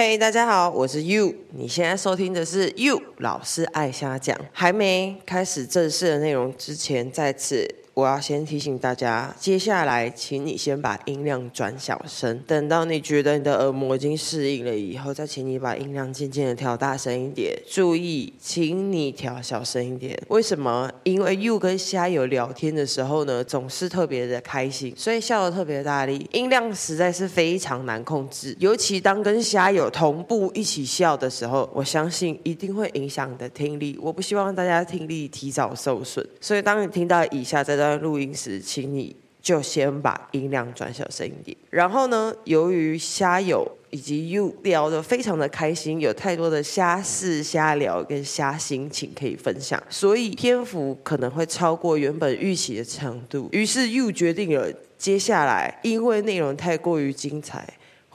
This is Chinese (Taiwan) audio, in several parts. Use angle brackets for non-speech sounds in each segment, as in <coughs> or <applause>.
嘿，hey, 大家好，我是 You，你現在收聽的是 You 老師愛瞎講。還沒開始正式的內容之前，再次。我要先提醒大家，接下來請你先把音量轉小聲，等到你覺得你的耳膜已經適應了以後，再請你把音量漸漸的調大聲一點。注意，請你調小聲一點。為什麼？因為 you 跟蝦友聊天的時候呢，總是特別的開心，所以笑得特別大力，音量實在是非常難控制。尤其當跟蝦友同步一起笑的時候，我相信一定會影響你的聽力。我不希望大家聽力提早受損，所以當你聽到以下這段。錄音時，請你就先把音量轉小聲一點。然後呢，由於蝦友以及 you 聊得非常的開心，有太多的蝦事、蝦聊跟蝦心情可以分享，所以篇幅可能會超過原本預期的程度。於是 you 決定了接下來，因為內容太過於精彩。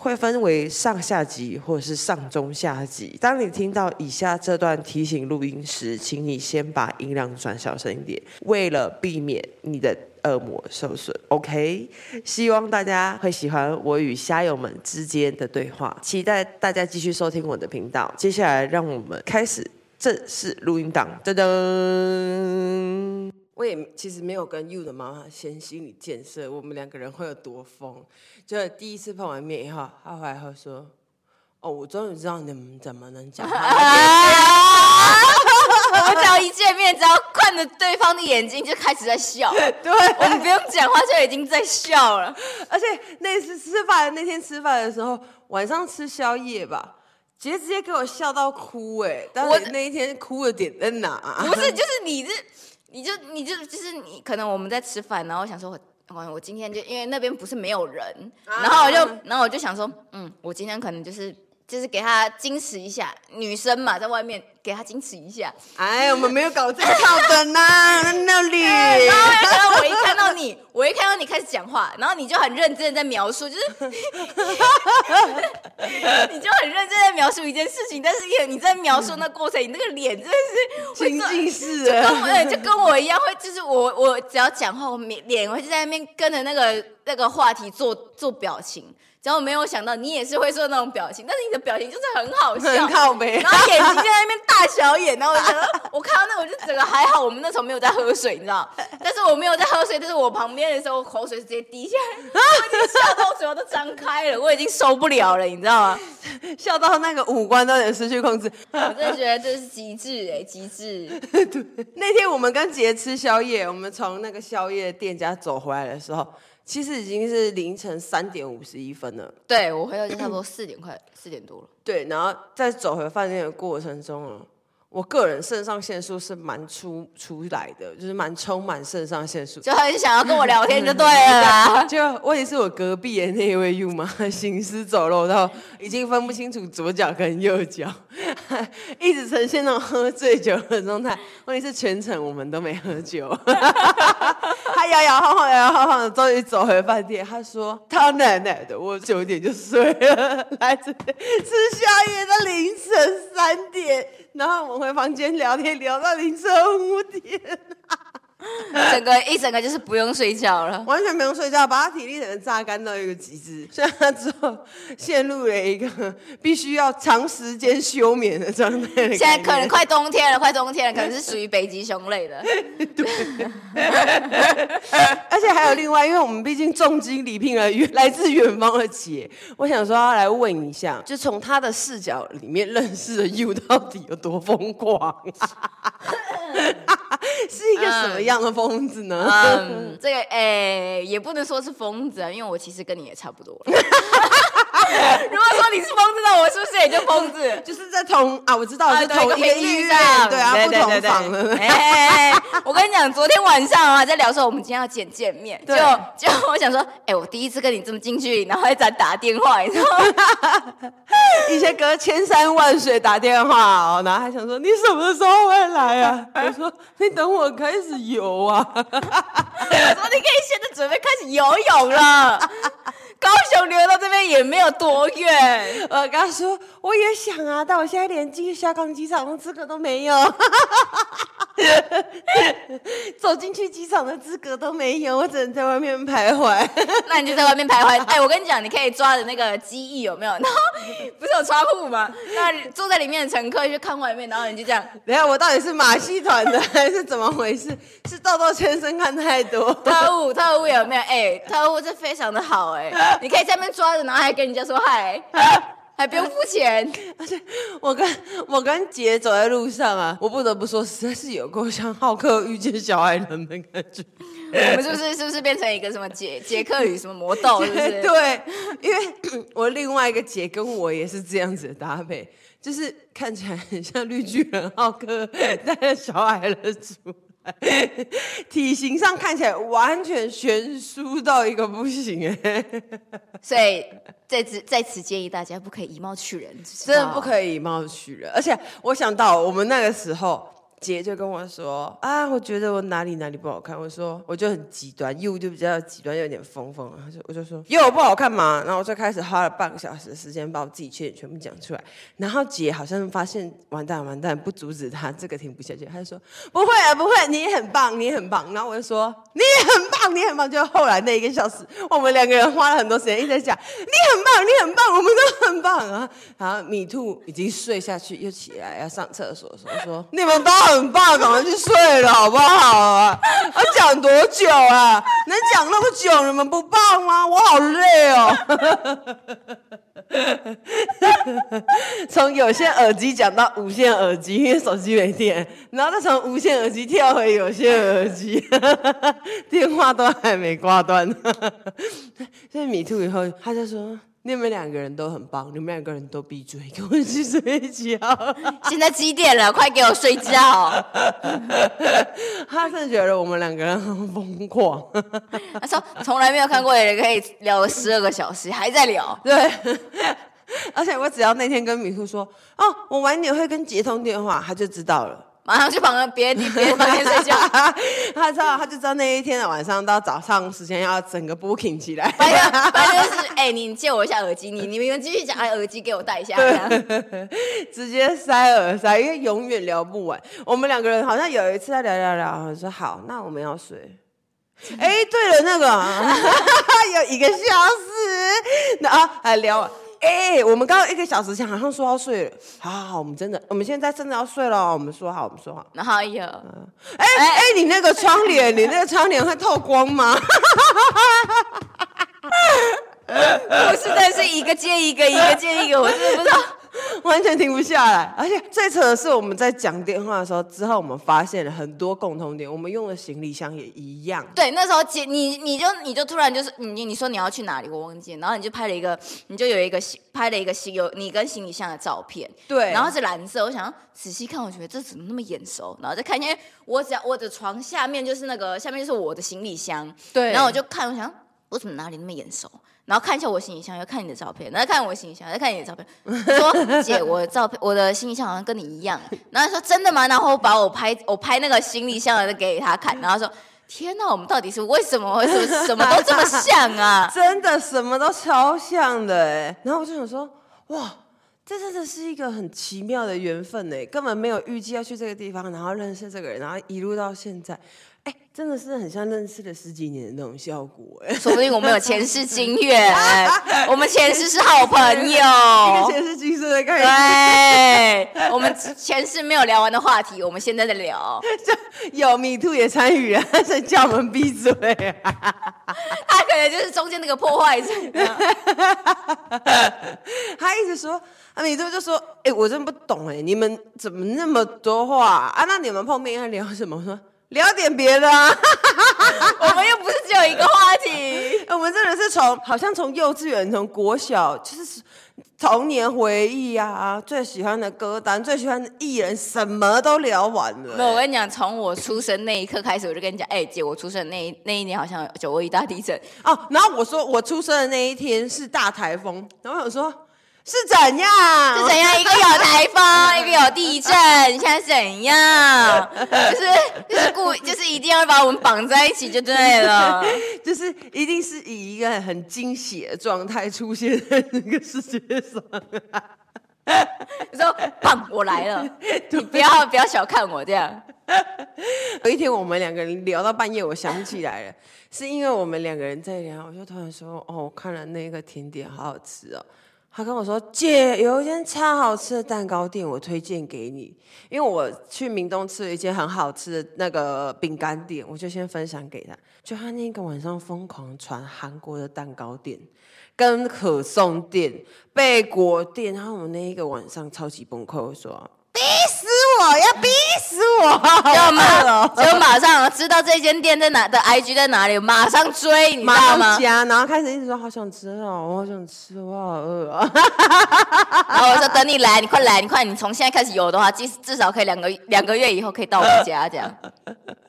會分為上下集，或者是上中下集。當你聽到以下這段提醒錄音時，請你先把音量轉小聲一點，為了避免你的耳膜受損。OK，希望大家會喜歡我與蝦友們之間的對話，期待大家繼續收聽我的頻道。接下來，讓我們開始正式錄音檔。噔噔。我也其實沒有跟 you 的媽媽先心理建設，我們兩個人會有多瘋？就第一次碰完面以後，他回來會說：“哦，我終於知道你們怎麼能講話了。啊”啊、我只要一見面，只要看着對方的眼睛，就開始在笑。對，我們不用講話就已經在笑了。 <laughs> 而且那次吃飯，那天吃飯的時候，晚上吃宵夜吧，直接直接給我笑到哭哎！我那一天哭的點在哪？我嗯啊、不是，就是你這。你就你就就是你，可能我們在吃飯，然後想說我，我我今天就因為那邊不是沒有人，然後我就然後我就想說，嗯，我今天可能就是。就是給他矜持一下，女生嘛，在外面給他矜持一下。哎，我們沒有搞這套的呢。 <laughs> 那，那裡，然後我一看到你，我一看到你開始講話，然後你就很認真的在描述，就是， <laughs> 你就很認真的描述一件事情，但是你你在描述那過程，嗯、你那個臉真的是會，挺近視的，就跟我一樣，會就是我我只要講話，我面臉會就在那邊跟着那個那個話題做做表情。然後沒有想到，你也是會做那種表情，但是你的表情就是很好笑，很靠北。然後眼睛就在那邊大小眼， <laughs> 然後我覺得我看到那，我就整個還好，我們那時候沒有在喝水，你知道？但是我沒有在喝水，但是我旁邊的時候我口水直接滴下來，我已經笑到嘴巴都張開了， <laughs> 我已經受不了了，你知道嗎，？ <laughs> 笑到那個五官都有失去控制， <laughs> 我真的覺得這是極致哎、欸，極致。 <laughs> 那天我們跟潔吃宵夜，我們從那個宵夜店家走回來的時候。其實已經是凌晨三點五十一分了。對，我回到家差不多四點快四 <coughs> 點多了。對，然後在走回飯店的過程中啊。我個人腎上腺素是蠻出出來的，就是蠻充滿腎上腺素，就很想要跟我聊天就對了、嗯嗯嗯嗯嗯嗯。就，就問題是我隔壁的那一位舅媽行屍走肉到已經分不清楚左腳跟右腳，一直呈現那種喝醉酒的狀態。問題是全程我們都沒喝酒，他 <laughs> 搖搖晃晃、搖搖晃晃的，終於走回飯店。他說：“他奶奶的，我九點就睡了，來吃吃宵夜的凌晨三點。”然後我們回房間聊天，聊到凌晨五點。整個一整個就是不用睡覺了，完全不用睡覺，把他體力整個榨乾到一個極緻。所以他之後陷入了一個必須要長時間休眠的狀態的。現在可能快冬天了， <laughs> 快冬天了，可能是屬於北極熊類的。對、 <laughs> 呃，而且還有另外，因為我們畢竟重金禮聘了來自遠方的潔，我想說要來問一下，就從他的視角裡面認識的 U 到底有多瘋狂？ <laughs> <coughs> 是一個什麼樣的瘋子呢？Um, um, 這個誒、欸，也不能說是瘋子啊，因為我其實跟你也差不多了。 <laughs> <laughs> <laughs> 如果說你是瘋子的，我是不是也就瘋子？ <laughs> 就是在同啊，我知道是同一個地方，對啊，對對對對不同房了， <laughs> 欸。我跟你講，昨天晚上啊，在聊說我們今天要見見面，就對就我想說，哎，欸，我第一次跟你這麼近距離，然後還在打電話，你知道嗎？以前 <laughs> 隔千山萬水打電話哦，然後還想說你什麼時候會來啊？我說你等我開始游啊， <laughs> 我說你可以現在准備開始游泳了。 <laughs> 高雄留到這邊也沒有多遠，我跟他說我也想啊，但我現在連進小港機場的資格都沒有， <laughs> 走進去機場的資格都沒有，我只能在外面徘徊。那你就在外面徘徊。 <laughs> 哎，我跟你講，你可以抓着那個機翼有沒有？然後不是有窗戶嗎？那坐在裡面的乘客一直看外面，然後你就這樣。等下我到底是馬戲團的還是怎麼回事？是豆豆先生看太多。特務，特務有沒有？哎，特務是非常的好哎。你可以在那邊抓着，然後還跟人家說嗨，啊、還不用付錢。而且我跟我跟潔走在路上啊，我不得不說實在是有夠像浩克遇見小矮人的感覺。我們、就是不是是不是變成一個什麼傑傑克與什麼魔豆是不是？對，因為我另外一個潔跟我也是這樣子的搭配，就是看起來很像綠巨人浩克帶着小矮人組。 <laughs> 體型上看起來完全懸殊到一個不行，所以在此在此建議大家不可以以貌取人，真的不可以以貌取人。而且我想到我們那個時候。姐就跟我說：“啊，我覺得我哪裡哪裡不好看。”我說：“我就很極端，又就比較極端，又有點瘋瘋。”我就說：“又不好看嘛？”然後我最開始花了半個小時的時間，把我自己缺點全部講出來。然後姐好像發現完蛋完蛋，不阻止他，這個停不下去。她就說：“不會啊，不會，你很棒，你很棒。”然後我就說：“你很棒，你很棒。”就後來那一個小時，我們兩個人花了很多時間一直在講：“你很棒，你很棒，我們都很棒啊！”然後米兔已經睡下去，又起來要上廁所的時候，我說：“你們都。”很棒，趕快去睡了，好不好啊？要、啊、講多久啊？能講那麼久，你們不棒嗎、啊？我好累哦。從 <laughs> 有線耳機講到無線耳機，因為手機沒電，然後再從無線耳機跳回有線耳機， <laughs> 電話都還沒掛斷。 <laughs> 所以米兔以後，他就說。你們兩個人都很棒，你們兩個人都閉嘴，跟我去睡覺。 <laughs> 現在幾點了？快給我睡覺！ <laughs> 他是覺得我們兩個人很瘋狂。他說從來沒有看過人可以聊十二個小時還在聊。對， <laughs> 而且我只要那天跟米兔說哦，我晚點會跟潔通電話，他就知道了。馬上去房間，別你別早點睡覺。 <laughs> 他知道，他就知道那一天的晚上到早上時間要整個 booking 起來。哎呀反正就是，哎、欸，你借我一下耳機，你你們繼續講，耳機給我戴一下、啊。 <laughs> 直接塞耳塞，因為永遠聊不完。我們兩個人好像有一次在聊聊聊，我說好，那我們要睡。哎的、欸，對了，那個 <laughs> 有一個小時，那啊，來、啊、聊。哎、欸，我們剛剛一個小時前好像說要睡了，好好好，我們真的，我們現在真的要睡了。我們說好，我們說好。然後有，哎哎，你那個窗簾， <laughs> 你那個窗簾會透光嗎？我 <laughs> <laughs> 是，這是一個接一個，一個接一個，我真的不知道。完全停不下來，而且最扯的是，我們在講電話的時候，之後我們發現了很多共同點。我們用的行李箱也一樣。對，那時候姐，你你就你就突然就是你你說你要去哪裡，我忘記，然後你就拍了一個，你就有一個拍了一個行有你跟行李箱的照片。對。然後是藍色，我想仔細看，我覺得這怎麼那麼眼熟？然後再看見，哎，因為我在我的床下面就是那個，下面就是我的行李箱。對。然後我就看，我想我怎麼哪裡那麼眼熟？然後看一下我行李箱，又看你的照片，然後看我行李箱，再看你的照片。說：“姐，我的照片，我的行李箱好像跟你一樣。”然後說：“真的嗎？”然後我把我拍，我拍那個行李箱的給他看。然後說：“天哪，我們到底是為什麼，為什麼什麼都這麼像啊？” <laughs> 真的什麼都超像的欸。然後我就想說：“哇，這真的是一個很奇妙的緣分欸，根本沒有預計要去這個地方，然後認識這個人，然後一路到現在。”哎、欸，真的是很像認識了十幾年的那種效果哎。說不定我們有前世經驗， <laughs> 我們前世是好朋友。一個前世今生的概念。對，我們前世沒有聊完的話題，我們現在在聊。就有米兔也參與啊在叫我們閉嘴。 <laughs> 他可能就是中間那個破壞者。 <laughs> 他一直說，米、啊、兔就，就說：“哎、欸，我真不懂哎，你們怎麼那麼多話啊？那你們碰面要聊什麼？”我說。聊點別的，啊，哈哈哈。我們又不是只有一個話題。 <laughs> 我們真的是從好像從幼稚園，從國小，就是童年回憶啊，最喜歡的歌單，最喜歡的藝人，什麼都聊完了、欸。沒有，我跟你講，從我出生那一刻開始，我就跟你講，哎、欸，姐，我出生那一那一年好像有九二一大地震哦，然後我說我出生的那一天是大台風，然後我說。是怎樣？是怎樣一個有台風， <laughs> 一個有地震？你想怎樣？就是就是故，就是一定要把我們綁在一起就對了。就是、就是一定是以一個很驚喜的狀態出現在這個世界上。你 <laughs> 說棒，我來了，你不要對不要小看我這樣。有一天，我們兩個人聊到半夜，我想起來了， <laughs> 是因為我們兩個人在聊，我就突然說：“哦，我看了那個甜點，好好吃哦。”他跟我說：“姐，有一間超好吃的蛋糕店，我推薦給你。因為我去明洞吃了一間很好吃的那個餅乾店，我就先分享給他。就他那一個晚上瘋狂傳韓國的蛋糕店、跟可頌店、貝果店，然後我們那一個晚上超級崩潰。”我說。要逼死我！就馬 <laughs> 就馬上知道這間店在哪的 IG 在哪裡，馬上追，你知道嗎？家，然後開始一直說好想吃啊，我好想吃，我好餓啊！ <laughs> 然後我說等你來，你快來，你快，你從現在開始有的話，至至少可以兩個兩個月以後可以到我家這樣。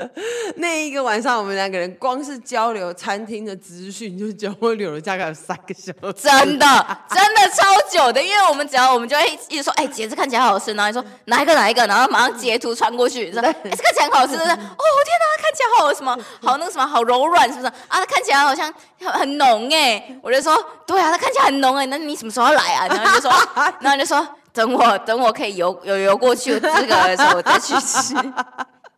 <laughs> 那一個晚上，我們兩個人光是交流餐廳的資訊就交流了大概三個小時，真的真的超久的，因為我們只要我們就會一直說，哎、欸、姐，姐這看起來好吃，然後你說哪一個哪一個，然後。馬上截圖傳過去，是吧？對是看起來好吃，是吧？哦，天吶，看起來好什麼？好那個什麼？好柔軟，是不是？啊，看起來好像很濃哎！我就說，對啊，它看起來很濃哎。那你什麼時候來啊？ <laughs> 然後就說，然後就說，等我等我可以游游游游過去有資格的時候，我再去吃。 <laughs>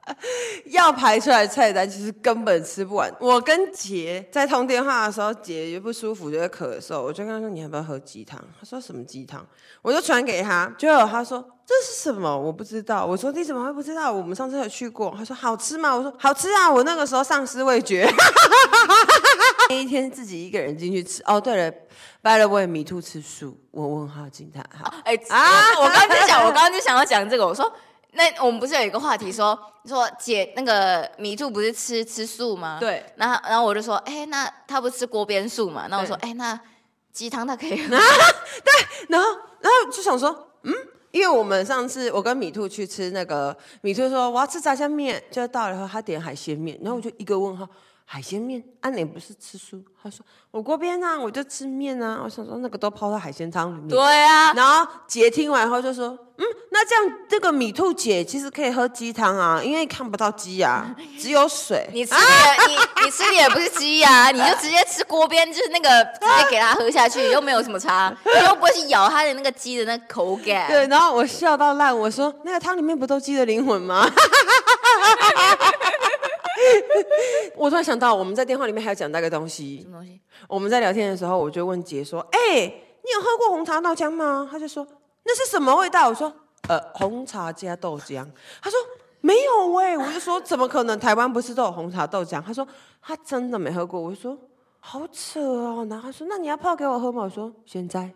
<laughs> 要排出來的菜單，其實根本吃不完。我跟傑在通電話的時候，傑也不舒服，就會咳嗽，我就跟他說：“你要不要喝雞湯？”他說：“什麼雞湯？”我就傳給他，結果他說：“這是什麼？”我不知道。我說：“你怎麼會不知道？我們上次有去過。”他說：“好吃嗎？”我說：“好吃啊！我那個時候喪失味覺， <laughs> <laughs> 那一天自己一個人進去吃。哦、oh，對了，By the way，米兔吃素，我問好驚嘆。好，哎、oh, 啊！我剛剛想， <laughs> 我剛剛就想要講這個，我說。那我們不是有一個話題說，說姐那個米兔不是吃吃素嗎？對。然後然後我就說，哎，那他不吃鍋邊素嘛？那對我說，哎，那雞湯他可以喝。對。然後然後就想說，嗯，因為我們上次我跟米兔去吃那個，米兔說我要吃炸醬麵，就到了以後他點海鮮麵，然後我就一個問號。海鮮麵，按、啊、臉不是吃素。他說我鍋邊啊，我就吃麵啊。我想說那個都泡在海鮮湯裡面。對啊，然後姐聽完以後就說，嗯，那這樣這、那個米兔姐其實可以喝雞湯啊，因為看不到雞啊，只有水。你吃的、啊，你你吃的也不是雞啊， <laughs> 你就直接吃鍋邊，就是那個直接給他喝下去，又沒有什麼差，又不會是咬他的那個雞的那個口感。對，然後我笑到爛，我說那個湯裡面不都雞的靈魂嗎？ <laughs> <laughs> 我突然想到，我們在電話裡面還有講那個東西。什麼東西？我們在聊天的時候，我就問潔說：“哎、欸，你有喝過紅茶豆漿嗎？”他就說：“那是什麼味道？”我說：“呃，紅茶加豆漿。”他說：“沒有哎。”我就說：“怎麼可能？台灣不是都有紅茶豆漿？”他說：“他真的沒喝過。”我說：“好扯哦。”然後他說：“那你要泡給我喝嗎？”我說：“現在。”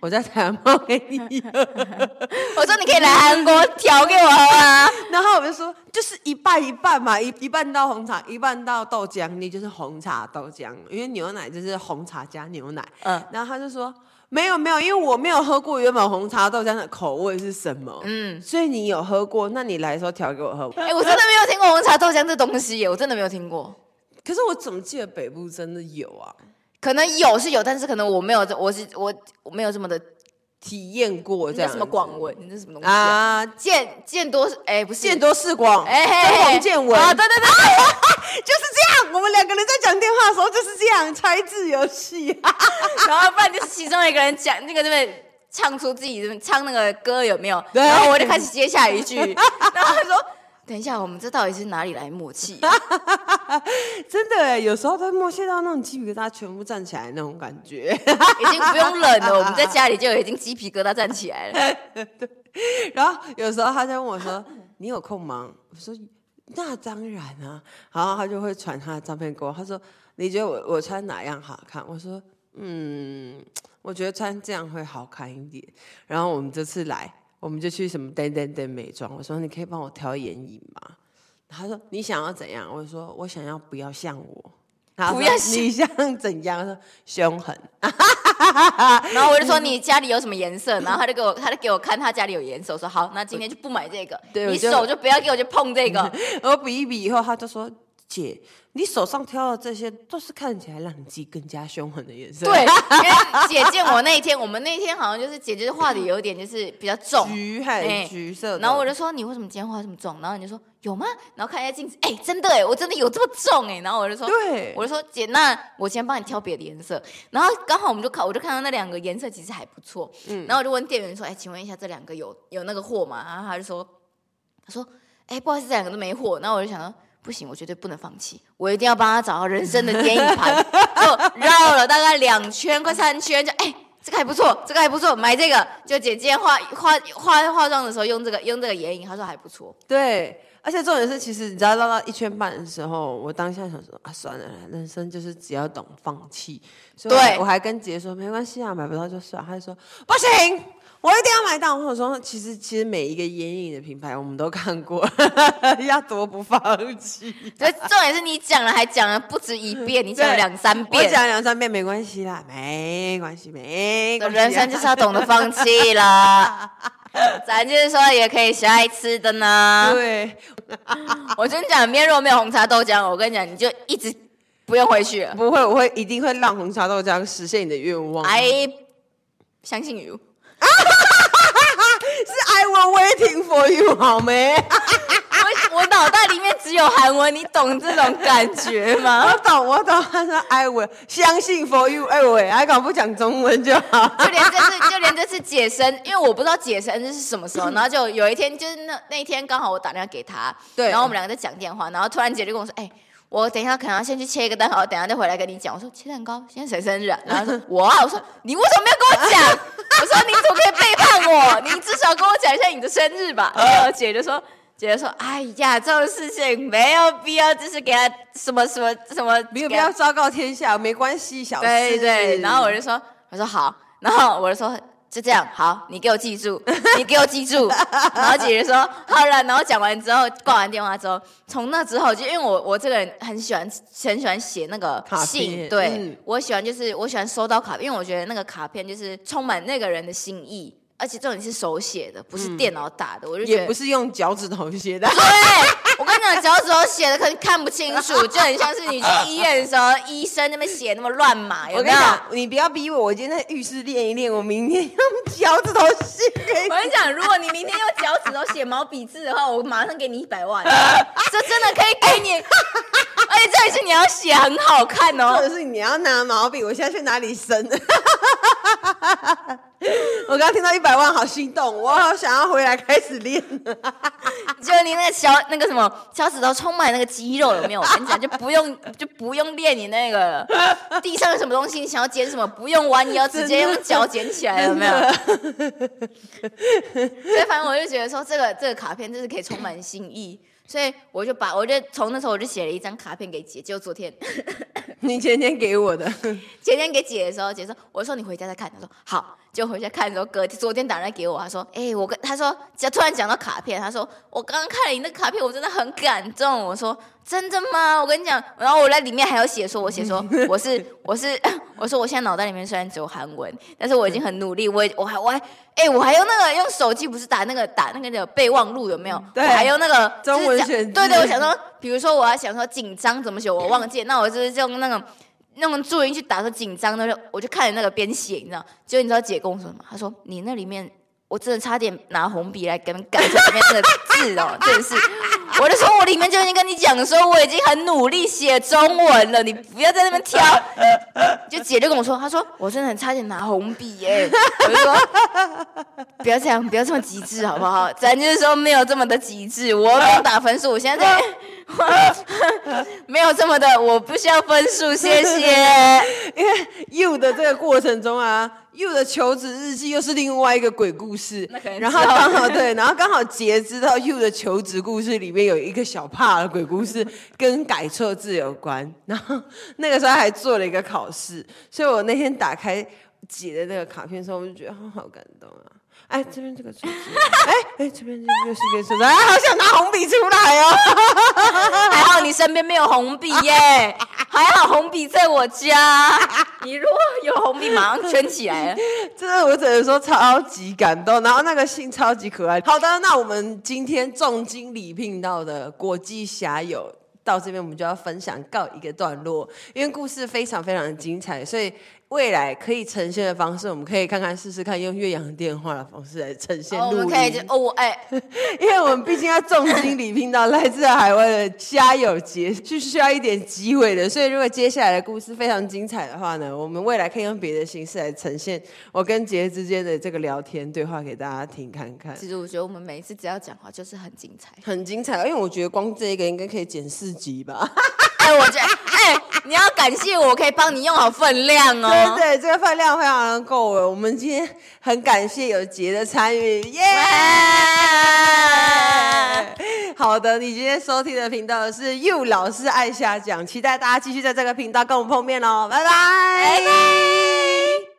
我在台灣煲給你，我說你可以來韓國調給我喝啊。 <laughs> 然後我就說，就是一半一半嘛，一一半到紅茶，一半到豆漿，你就是紅茶豆漿。因為牛奶就是紅茶加牛奶。呃、然後他就說沒有沒有，因為我沒有喝過原本紅茶豆漿的口味是什麼。嗯，所以你有喝過，那你來的時候調給我喝。哎、欸，我真的沒有聽過紅茶豆漿這東西耶，我真的沒有聽過。 <laughs> 可是我怎麼記得北部真的有啊？可能有是有，但是可能我沒有，我是我我沒有這麼的體驗過這樣。什麼廣文？你是、啊、什麼東西啊？見見多哎，不是見多識廣，廣誒見聞。啊，對對對，對啊、 <laughs> 就是這樣。我們兩個人在講電話的時候就是這樣猜字遊戲， <laughs> 然後不然就是其中一個人講那個那邊唱出自己唱那個歌有沒有？對然後我就開始接下一句， <laughs> 然後他說。等一下，我們這到底是哪裡來默契，啊？ <laughs> 真的哎，有時候都默契到那種雞皮疙瘩全部站起來那種感覺， <laughs> 已經不用冷了。我們在家裡就已經雞皮疙瘩站起來了。對， <laughs> 然後有時候他就問我說：“你有空嗎？”我說：“那當然啊。”然後他就會傳他的照片給我，他說：“你覺得我我穿哪樣好，好看？”我說：“嗯，我覺得穿這樣會好看一點。”然後我們這次來。我們就去什麼等等等美妝，我說，你可以幫我調眼影嗎？他說，你想要怎樣？我說，我想要不要像我？不要像怎樣？他說凶狠。 <laughs> 然後我就說，你家裡有什麼顏色？然後他就給我，他就給我看他家裡有顏色，我說好，那今天就不買這個，你手就不要給我去碰這個。我比一比以後，他就說。姐，你手上挑的這些都是看起來讓你自己更加凶狠的顏色。對，因為姐見我那一天， <laughs> 我們那一天好像就是姐，姐是畫裡有點就是比較重，橘，還橘色，欸。然後我就說：“你為什麼今天畫這麼重？”然後你就說：“有嗎？”然後看一下鏡子，哎、欸，真的哎，我真的有這麼重哎。然後我就說：“對。”我就說：“姐，那我今天幫你挑別的顏色。”然後剛好我們就看，我就看到那兩個顏色其實還不錯。嗯，然後我就問店員說：“哎、欸，請問一下，這兩個有有那個貨嗎？”然後他就說：“他說，哎、欸，不好意思，這兩個都沒貨。”然後我就想到。不行，我絕對不能放棄，我一定要幫他找到人生的電影盤。 <laughs> 就繞了大概兩圈，快三圈，就哎，這個還不錯，這個還不錯，買這個。就姐姐化化化化妝的時候用這個用這個眼影，她說還不錯。對。而且重點是，其實你知道，繞到一圈半的時候，我當下想說啊，算了，人生就是只要懂放棄。所以我對我還跟潔說沒關係啊，買不到就算。他就說不行，我一定要買到。我跟他說，其實其實每一個眼影的品牌我們都看過， <laughs> 要多不放棄啊。重點是你講了，還講了不止一遍，你講了兩三遍。我講了兩三遍沒關係啦，沒關係，沒關係，人生就是要懂得放棄啦。 <laughs> 咱就是說，也可以學愛吃的呢。對， <laughs> 我跟你講，面邊如果沒有紅茶豆漿，我跟你講，你就一直不用回去了。不會，我會一定會讓紅茶豆漿實現你的願望。I，相信 you， <laughs> <laughs> 是 I will waiting for you，好沒？我 <laughs> 我腦袋裡。只有韓文，你懂這種感覺嗎？ <laughs> 我懂，我懂。他說 “I will”，相信 “for you”，I will、哎。我還好不講中文就好。就連這次，就連這次解神，因為我不知道解神是什麼時候。 <laughs> 然後就有一天，就是那那一天剛好我打電話給他，對，然後我們兩個在講電話，然後突然姐就跟我說：“哎、欸，我等一下可能要先去切一個蛋糕，等一下再回來跟你講。”我說：“切蛋糕，今天誰生日、啊？”然後說：“我。”我說：“你為什麼沒有跟我講？” <laughs> 我說：“你怎麼可以背叛我？你至少跟我講一下你的生日吧。” <laughs> 然後姐就說。姐姐說：“哎呀，這種事情沒有必要，就是給他什麼什麼什麼，什麼沒有必要昭告天下，沒關係，小事。對”對對。然後我就說：“我說好。”然後我就說：“就這樣，好，你給我記住， <laughs> 你給我記住。”然後姐姐說：“好了。”然後講完之後，掛完電話之後，從那之後就因為我我這個人很喜歡很喜歡寫那個信，卡片對、嗯、我喜歡就是我喜歡收到卡片，因為我覺得那個卡片就是充滿那個人的心意。而且重點是手寫的，不是電腦打的，嗯、我就覺得也不是用腳趾頭寫的。對、欸，我跟你講，腳趾頭寫的可能看不清楚，就很像是你去醫院的時候， <laughs> 醫生那邊寫那麼亂碼。有沒有？我跟你講，你不要逼我，我今天在浴室練一練，我明天用腳趾頭寫給你。我跟你講，如果你明天用腳趾頭寫毛筆字的話，我馬上給你一百萬，這 <laughs> 真的可以給你。 <laughs> 而且重點是你要寫很好看哦，或者是你要拿毛筆，我現在去哪裡生？ <laughs> 我剛剛聽到一百萬，好心動！我好想要回來開始練。就你那個小那個什麼小指頭充滿那個肌肉有沒有？我跟你講，就不用就不用練你那個了。地上有什麼東西，你想要撿什麼，不用彎腰，你要直接用腳撿起來有沒有？所以反正我就覺得說，這個這個卡片真是可以充滿心意。所以我就把，我就從那時候我就寫了一張卡片給姐，就昨天， <laughs> 你前天給我的， <laughs> 前天給姐的時候，姐說，我說你回家再看，她說好，就回家看的時候，哥昨天打電話給我，他說，哎、欸，我跟他說，就突然講到卡片，他說，我剛剛看了你那卡片，我真的很感動，我說。真的嗎？我跟你講，然後我在裡面還有寫，我寫說我寫說我是我是我說我現在腦袋裡面雖然只有韓文，但是我已經很努力，我我還我還哎、欸、我還用那個用手機不是打那個打那個那個備忘錄有沒有？對我還用那個、就是、中文選對，對對，我想說，譬如說我還想說緊張怎麼寫，我忘記， <laughs> 那我就是用那種、個、那種注音去打說緊張，我就看着那個邊寫，你知道，結果你知道姐跟我說什麼？她說你那裡面我真的差點拿紅筆來跟改這裡面的字哦、喔， <laughs> 真的是。我就說我裡面就已經跟你講說，我已經很努力寫中文了，你不要在那邊挑。就姐就跟我說，她說我真的很差點拿紅筆耶，欸。我就說不要這樣，不要這麼極致好不好？咱就是說沒有這麼的極致，我沒有打分數，我現在在沒有這麼的，我不需要分數，謝謝。 <laughs> 因為 you 的這個過程中啊。You 的求職日記又是另外一個鬼故事，然後剛好對， <laughs> 然後剛好潔知道 You 的求職故事裡面有一個小怕的鬼故事，跟改錯字有關。 <laughs> 然後那個時候還做了一個考試，所以我那天打開潔的那個卡片的時候，我就覺得好好感動啊！哎，這邊這個錯字，哎哎，這邊這個又是個錯字哎，好想拿紅筆出來哦！ <laughs> 還好你身邊沒有紅筆耶。 <laughs> 還好紅筆在我家，你如果有紅筆，馬上圈起來。 <laughs> 真的，我只能說超級感動，然後那個信超級可愛。好的，那我們今天重金禮聘到的國際蝦友到這邊，我們就要分享告一個段落，因為故事非常非常的精彩，所以。未來可以呈現的方式，我們可以看看試試看，用越洋電話的方式來呈現錄音。哦，oh, 我們可以哦，哎 <noise> ，oh, 欸、 <laughs> 因為我們畢竟要重金禮聘到來自海外的蝦友潔，是需要一點機會的，所以如果接下來的故事非常精彩的話呢，我們未來可以用別的形式來呈現我跟潔之間的這個聊天對話給大家聽看看。其實我覺得我們每一次只要講話就是很精彩，很精彩，因為我覺得光這個應該可以剪四集吧。哎 <laughs> 、欸，我覺得。哎、欸，你要感謝我，我可以幫你用好分量哦。好哦、對，這個飯量非常夠了。我們今天很感謝友潔的參與，耶、yeah!！ <laughs> <laughs> 好的，你今天收聽的頻道是又老師愛瞎講，期待大家繼續在這個頻道跟我們碰面哦，拜拜。